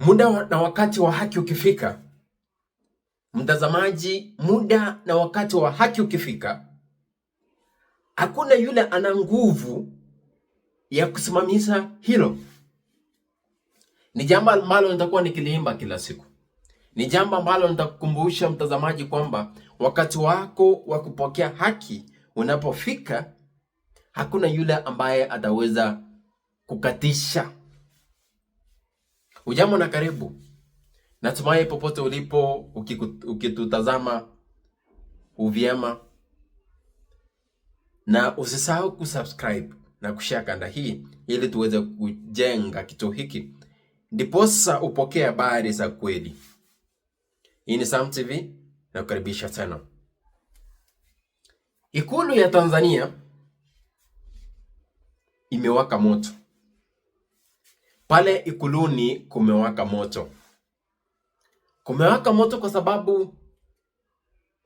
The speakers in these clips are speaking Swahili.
Muda na wakati wa haki ukifika, mtazamaji, muda na wakati wa haki ukifika, hakuna yule ana nguvu ya kusimamisha hilo. Ni jambo ambalo nitakuwa nikiliimba kila siku, ni jambo ambalo nitakukumbusha mtazamaji kwamba wakati wako wa kupokea haki unapofika, hakuna yule ambaye ataweza kukatisha Ujambo na karibu. Natumai popote ulipo ukitutazama uvyema, na usisahau kusubscribe na kushare kanda hii ili tuweze kujenga kituo hiki, ndiposa upokee habari za kweli. Hii ni Sam TV na kukaribisha tena. Ikulu ya Tanzania imewaka moto. Pale ikuluni kumewaka moto. Kumewaka moto kwa sababu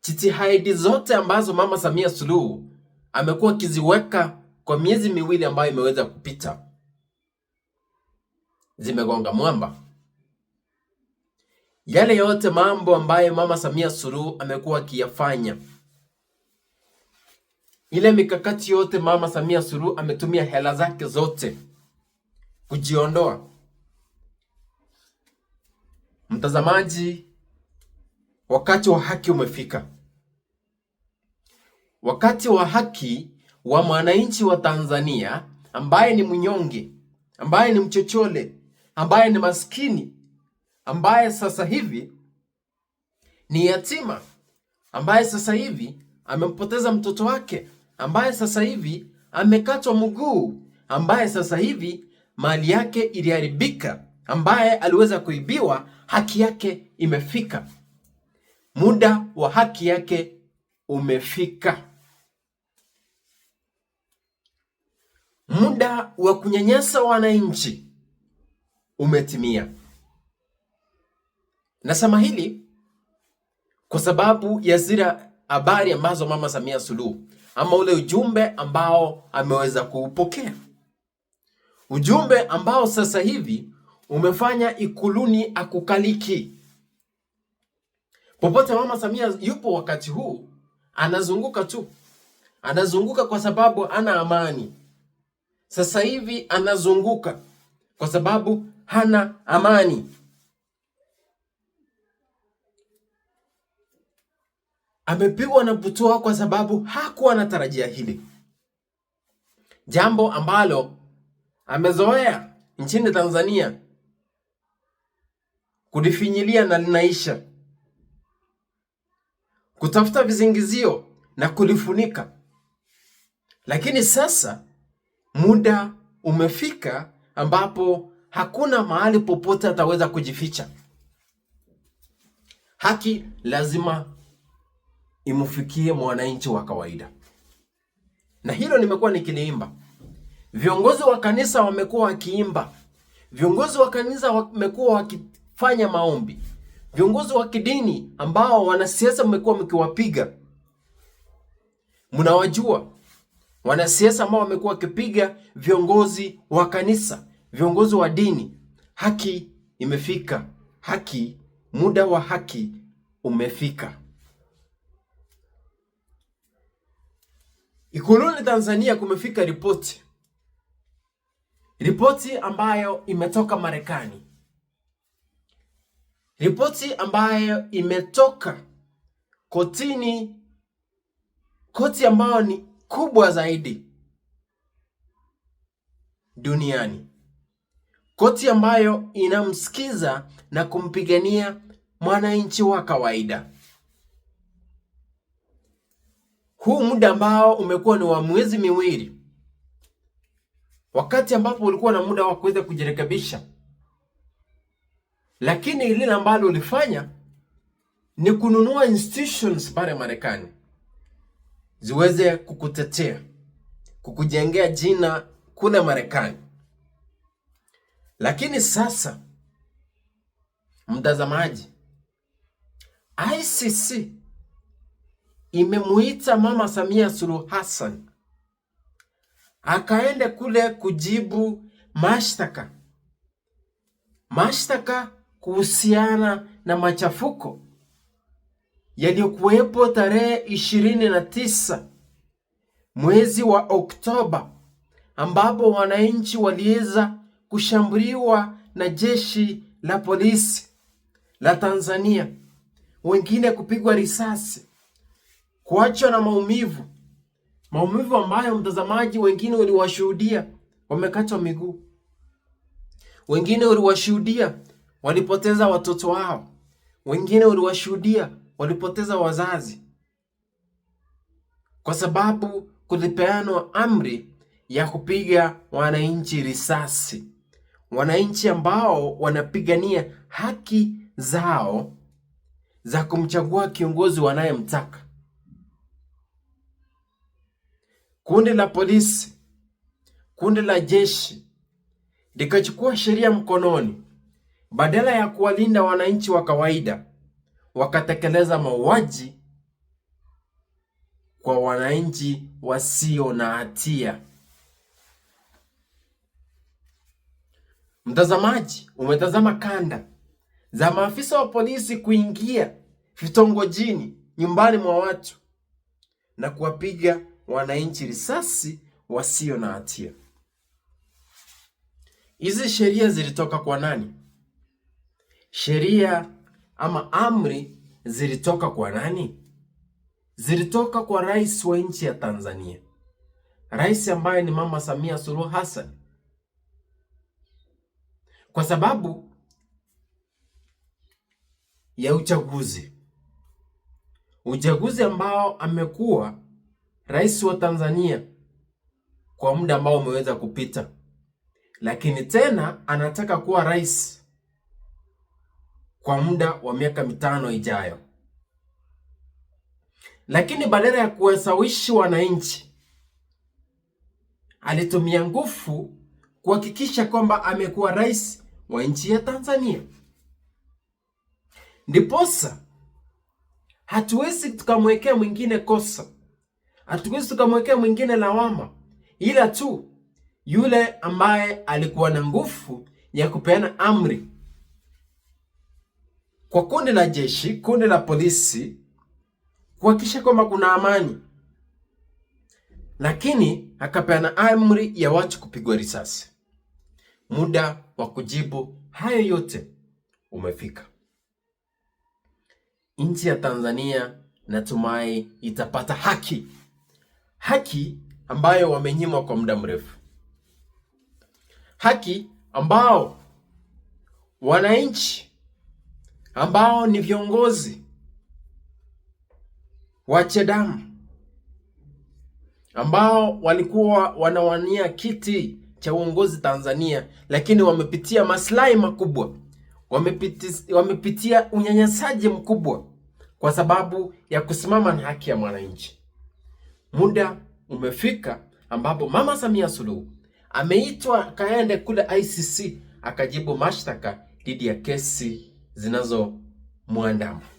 jitihadi zote ambazo Mama Samia Suluhu amekuwa akiziweka kwa miezi miwili ambayo imeweza kupita zimegonga mwamba. Yale yote mambo ambayo Mama Samia Suluhu amekuwa akiyafanya, ile mikakati yote Mama Samia Suluhu ametumia hela zake zote kujiondoa. Mtazamaji, wakati wa haki umefika. Wakati wa haki wa mwananchi wa Tanzania ambaye ni mnyonge, ambaye ni mchochole, ambaye ni maskini, ambaye sasa hivi ni yatima, ambaye sasa hivi amempoteza mtoto wake, ambaye sasa hivi amekatwa mguu, ambaye sasa hivi mali yake iliharibika, ambaye aliweza kuibiwa, haki yake imefika, muda wa haki yake umefika. Muda wa kunyanyasa wananchi umetimia. Nasema hili kwa sababu ya zile habari ambazo Mama Samia Suluhu ama ule ujumbe ambao ameweza kuupokea. Ujumbe ambao sasa hivi umefanya Ikuluni akukaliki. Popote Mama Samia yupo wakati huu anazunguka tu, anazunguka kwa sababu ana amani. Sasa hivi anazunguka kwa sababu hana amani. Amepigwa na butoa kwa sababu hakuwa anatarajia hili, jambo ambalo amezoea nchini Tanzania kulifinyilia na linaisha, kutafuta vizingizio na kulifunika. Lakini sasa muda umefika ambapo hakuna mahali popote ataweza kujificha. Haki lazima imfikie mwananchi wa kawaida, na hilo nimekuwa nikiliimba Viongozi wa kanisa wamekuwa wakiimba, viongozi wa kanisa wamekuwa wakifanya maombi, viongozi wa kidini ambao wanasiasa mmekuwa mkiwapiga, mnawajua wanasiasa ambao wamekuwa wakipiga viongozi wa kanisa, viongozi wa dini. Haki imefika, haki, muda wa haki umefika. Ikuluni Tanzania kumefika ripoti Ripoti ambayo imetoka Marekani, ripoti ambayo imetoka kotini, koti ambayo ni kubwa zaidi duniani, koti ambayo inamsikiza na kumpigania mwananchi wa kawaida. Huu muda ambao umekuwa ni wa miezi miwili wakati ambapo ulikuwa na muda wa kuweza kujirekebisha, lakini lile ambalo ulifanya ni kununua institutions pale Marekani ziweze kukutetea, kukujengea jina kule Marekani. Lakini sasa, mtazamaji, ICC imemuita Mama Samia Suluhu Hassan akaende kule kujibu mashtaka mashtaka kuhusiana na machafuko yaliyokuwepo tarehe ishirini na tisa mwezi wa Oktoba ambapo wananchi waliweza kushambuliwa na jeshi la polisi la Tanzania, wengine kupigwa risasi, kuachwa na maumivu maumivu ambayo mtazamaji, wengine uliwashuhudia wamekatwa miguu, wengine uliwashuhudia walipoteza watoto wao, wengine uliwashuhudia walipoteza wazazi, kwa sababu kulipeanwa amri ya kupiga wananchi risasi, wananchi ambao wanapigania haki zao za kumchagua kiongozi wanayemtaka. kundi la polisi, kundi la jeshi likachukua sheria mkononi, badala ya kuwalinda wananchi wa kawaida, wakatekeleza mauaji kwa wananchi wasio na hatia. Mtazamaji, umetazama kanda za maafisa wa polisi kuingia vitongojini, nyumbani mwa watu na kuwapiga wananchi risasi wasio na hatia. Hizi sheria zilitoka kwa nani? Sheria ama amri zilitoka kwa nani? Zilitoka kwa rais wa nchi ya Tanzania, rais ambaye ni Mama Samia Suluhu Hassan, kwa sababu ya uchaguzi, uchaguzi ambao amekuwa rais wa Tanzania kwa muda ambao umeweza kupita, lakini tena anataka kuwa rais kwa muda wa miaka mitano ijayo. Lakini badala ya kuwashawishi wananchi, alitumia nguvu kuhakikisha kwamba amekuwa rais wa nchi ya Tanzania. Ndiposa hatuwezi tukamwekea mwingine kosa hatuwezi tukamwekea mwingine lawama, ila tu yule ambaye alikuwa na nguvu ya kupeana amri kwa kundi la jeshi, kundi la polisi kuhakikisha kwamba kuna amani, lakini akapeana amri ya watu kupigwa risasi. Muda wa kujibu hayo yote umefika. Nchi ya Tanzania natumai itapata haki haki ambayo wamenyimwa kwa muda mrefu, haki ambao wananchi ambao ni viongozi wa CHADEMA ambao walikuwa wanawania kiti cha uongozi Tanzania, lakini wamepitia maslahi makubwa, wamepitia, wamepitia unyanyasaji mkubwa kwa sababu ya kusimama na haki ya mwananchi. Muda umefika ambapo Mama Samia Suluhu ameitwa kaende kule ICC akajibu mashtaka dhidi ya kesi zinazomwandama.